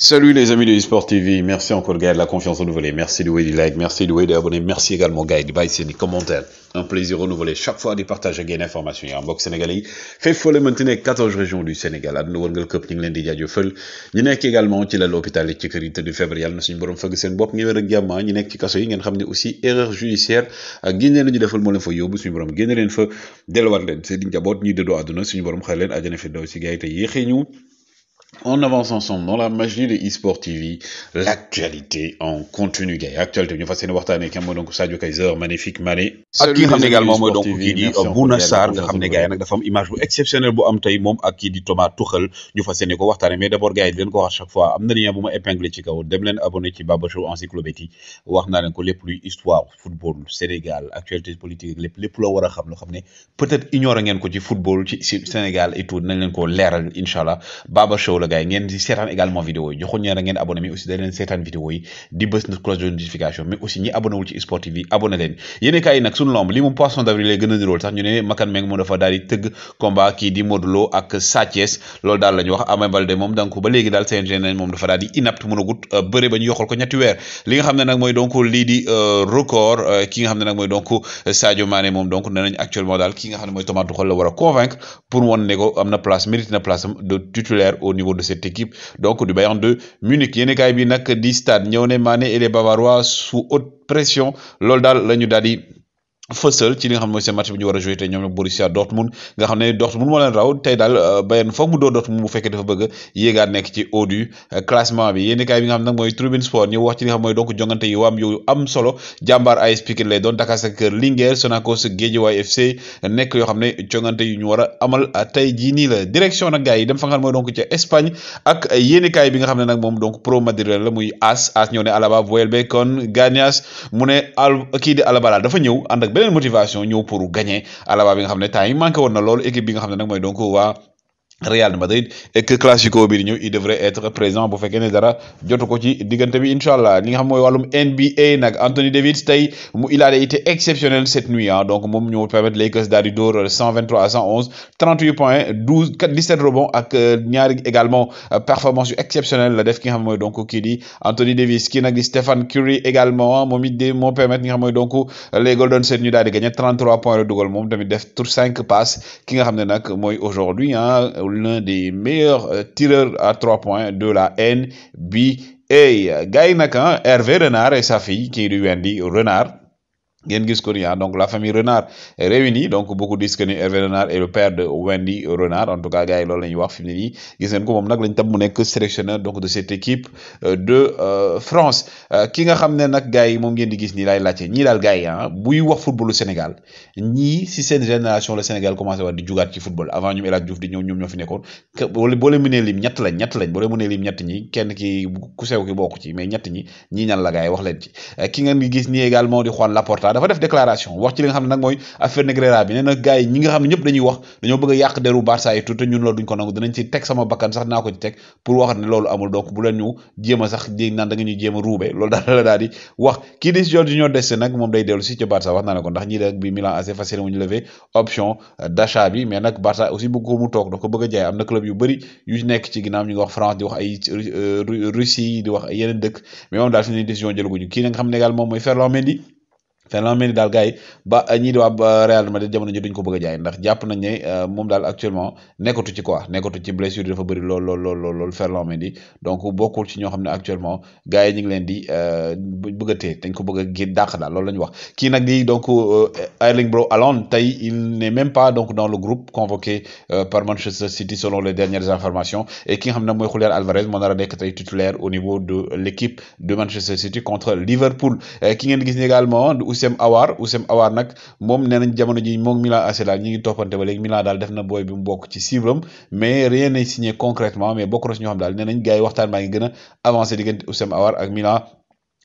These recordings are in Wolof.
Salut les amis de eSport TV, merci encore gars de la confiance renouvelée, merci de du like, merci de de abonner, merci également gars de baisser des commentaires, un plaisir renouvelé chaque fois de partager gain information en box sénégalais, fait folle maintenant 14 régions du Sénégal, à nous wërngal kep ñi ngi leen di jaajeufal ñi nekk également ci la l'hôpital ci kër yi tëdd feebar yàlla na suñu borom fëgg seen bopp ñi wër ak jàmm ñi nekk ci kaso yi ngeen xam ne aussi erreur judiciaire ak génne lañu defal moo leen fa yóbbu suñu borom génne leen fa delluwaat leen seen njaboot ñuy dëddoo àdduna suñu borom sommes leen àjjana fi daw si gars yi te on avance ensemble dans la magie de eSport TV, l'actualité en continu gay. Actualité, ñu fas yéene waxtaane avec moo donc Sadio Kaiser magnifique Mané. ak ki nga également mooy donc kii di Bouna Sarr nga xam ne gars dafa am image bu exceptionnelle bu am tey moom ak di Thomas Tuchel ñu fas yéene ko waxtaane mais d'abord, abord gars yi di leen ko chaque fois am na lien bu épinglé ci kaw dem abonné ci Baba Show encyclopédie wax naa leen ko lépp luy histoire football Sénégal actualité politique Les lépp lépp loo war a xam loo xam peut être ignoré ngeen ko ci football ci Sénégal et tout dinañ leen ko leeral incha Baba Show vidéo ngeen seetaan également vidéo yi da di bës na cloche de notification mais aussi ñi abonné wul ci Sport TV abonné leen yéene kaay yi nag suñu lomb li moom poisson d'avril lay a daal di tëgg daal la wax Ama Baldé moom donc ba léegi daal CNG nañ moom dafa daal di inapte mën a euh, ñu yokkal ko ñetti weer li nga xam ne nag mooy donc lii di euh, record euh, ki nga xam ne nag mooy donc Sadio moom donc nee nañ actuellement daal ne mooy Thomas Tuchel de cette équipe donc du Bayern de Munich Yenne Kaybinak bi nak di stade ñewne Mané et les Bavarois sous haute pression L'Oldal, dal lañu fësal ci li nga xam ne bi ñu war a euh, euh, nag mooy Tribune Sport ñu wax ci li nga yoo xam ne jongante yu ñu war a amal tey jii nii la direction nag gars yi dem fa nga xam mooy donc ca Espagne bi nga xam ne nag moom donc pro Madrid la muy AS AS ñëw ne Alaba Vuelbe Ganias mu ne al kii dafa ñëw ànd ak beneen motivation ñëw pour gagner Alaba bi nga xam ne temps yi manqué woon na loolu équipe xam ne nag mooy donc waa Real Madrid et que classico bi il devrait être présent Pour faire qu'il dara jotu ko ci diggante bi incha nga xam NBA nag Anthony Davis il a été exceptionnel cette nuit Hein. donc nous ñu permettre Lakers d'arriver di 123 à 111 38 points 17 rebonds ak euh, ñaari également euh, performance exceptionnelle la def ki donc qui Anthony Davis Qui nag di Stephen Curry également Nous hein, it di permettre donc euh, les Golden Cette nuit daal di gagné 33 points Nous avons Mom. def tout 5 passes ki nga xam nag aujourd'hui hein, l'un des meilleurs euh, tireurs à trois points de la NBA. Gaïnakan, hein, Hervé Renard et sa fille qui a Wendy Renard ngeen gis ko ni ah donc la famille Renard est réunie donc beaucoup disent que ni Hervé Renard est le père de Wendy Renard en tout cas gars yi loolu la ñuy wax fi mu ne nii gis ngeen ko moom nag lañ tam mu nekk sélectionneur donc de cette équipe euh, de euh, France euh, ki nga xam ne nag gars yi moom ngeen di gis ni lay laajte ñii daal gars yi ah buy wax football Sénégal ñii si seen génération la Sénégal commencé waat di jugaat ci football avant ñu El Diouf di ñëw ñoom ñoo fi nekkoon boo leen mënee lim ñett lañ ñett lañ boo leen mënee lim ñett ñi kenn ki ku sew ki bokk ci mais ñett ñi ñii ñan la gars yi wax leen ci ki nga di gis ni également di Juan Laporta dafa def déclaration wax ci li nga xam ne nag mooy affaire Negreira bi nee na gars yi ñi nga xam ne ñëpp dañuy wax dañoo bëgg a yàq deru Barça yi tout ñun loolu duñ ko nangu dinañ ci teg sama bakkan sax naa ko ci teg pour wax ne loolu amul donc bu leen ñu jéem a sax di naan da nga ñu jéem a ruube loolu daal la daal di wax kii di Jorginho Deste nag moom day dellu si ci Barça wax naa ne ko ndax ñii rek bi Milan AC facile mu ñu lever option d'achat bi mais nag Barça aussi bëgg ko mu toog da ko bëgg a jaay am na club yu bëri yu nekk ci ginnaaw ñu ngi wax France di wax ay Russie di wax yeneen dëkk mais moom daal fi ne décision jëlaguñu kii nga xam ne également mooy Ferland Mendy fen la mel ni daal doit ba euh, ñi di wa Real Madrid jamono ji duñ ko bëgg jaay ndax japp nañ ne euh, moom dal actuellement nekkatu ci quoi nekkatu ci blessure yi dafa bëri lol lol lol lool lool Ferland Mendy donc bokul ci ño xamne actuellement gay yi ñu ngi leen di euh, bëgg dañ ko bëgg gi dakk lol lañ wax ki nak di donc Erling Bro Haaland tay il n'est même pas donc dans le groupe convoqué par Manchester City selon les dernières informations et ki xamne moy ne Alvarez mo dara nekk titulaire au niveau de l'équipe de Manchester City contre Liverpool ki ngeen gis également Ousseyn Awar Ousseyn Awar nag moom nee nañ jamono ji moom Milan AC daal ñi ngi toppante ba léegi Milan daal def na booy bi bokk ci cibram mais rien n'est signé concrètement mais bokk na xam daal nee nañ gars yi waxtaan baa ngi gën a avancé diggante Ousseyn ak Milan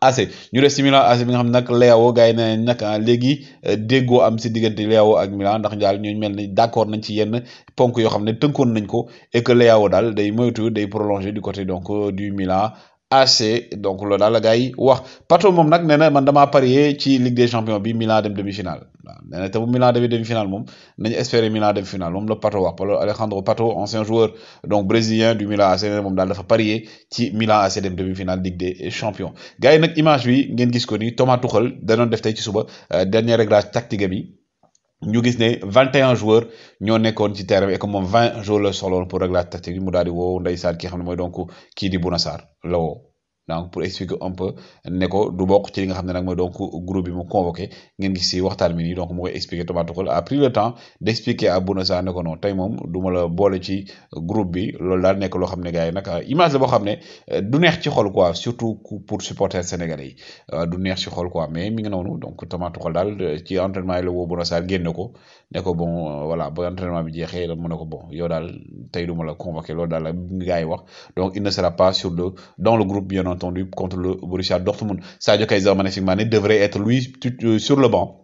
AC ñu des si Milan AC bi nga xam nag Leao gars yi nee nañ nag ah, léegi euh, déggoo am si diggante Leao ak Milan ndax daal ñooñu mel ni d'accord nañ ci yenn ponk yoo xam ne tënkoon nañ ko et que Leao daal day moytu day prolongé du côté donc euh, du Milan AC donc le la gars wax Pato mom nag nena man dama parier ci Ligue des Champions bi Milan dem demi-finale waaw te bu Milan demi-finale mom nañu espérer Milan dem finale mom le Pato wax Alejandro Pato ancien joueur donc brésilien du Milan AC mom dal dafa parier ci Milan AC demi-finale Ligue des Champions gars yi image bi ngeen gis ko ni Thomas Tuchel d'un def tay ci suba euh, dernier réglage tactique bi. ñu gis ne vingt et un joueurs ñoo nekkoon ci terrain bi moom vingt joueurs la soxloon pour régler tactique bi mu daal di woo ndeysaan ki xam ne mooy donc kii di Bouna Sarr la woo donc pour expliquer un peu neko du bok ci li nga xamné nak moy donc groupe bi mu convoqué ngeen gis si waxtaan bi nii donc mu koy expliqué Thomas Tuchel a pris le temps d'expliquer à Bouna Sarr ne non tay mom duma la bolé ci groupe bi lolou daal nek lo xamné ne nak euh, image la boo xam euh, du neex ci xol quoi surtout pour supporter sénégalais euh, du neex ci xol quoi mais mi ngi noonu donc Thomas Tuchel dal ci entraînement yi la woo Bouna Sarr ko neko bon voilà ba entraînement bi jeexee mu ne ko bon yo dal tay duma la convoqué lolou dal la wax donc il ne sera pas sur le dans le groupe bien entendu contre le Borussia Dortmund. Sadio Kaiser, Mané devrait être lui euh, sur le banc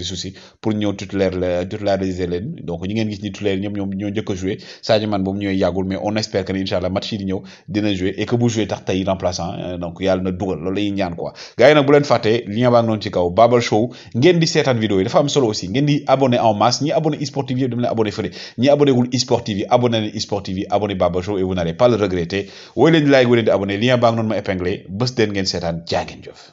poser souci pour ñëw titulaire la titulariser leen donc ñi ngeen gis ni titulaire ñoom ñoom ñoo jëkk jouer joué Sadio Mané boobu ñooy yàggul mais on espère que ne incha allah match yi di ñëw dina jouer et que bu jouer tax tey remplaçant hein. donc yàlla na dugal loolu la ñuy ñaan quoi gars yi nag bu leen fàttee lien baa ngi noonu ci kaw Babal Show ngeen di seetaan vidéo yi dafa am solo aussi ngeen di abonné en masse ñi abonné e iSportive yi dama leen abonné fële ñi abonné gul iSportive yi abonné leen iSportive yi abonné Babal Show et vous n'allez pas le regretter woy leen di like woy leen di abonné lien baa ngi noonu ma épinglé bés deen ngeen seetaan jaa ngeen jëf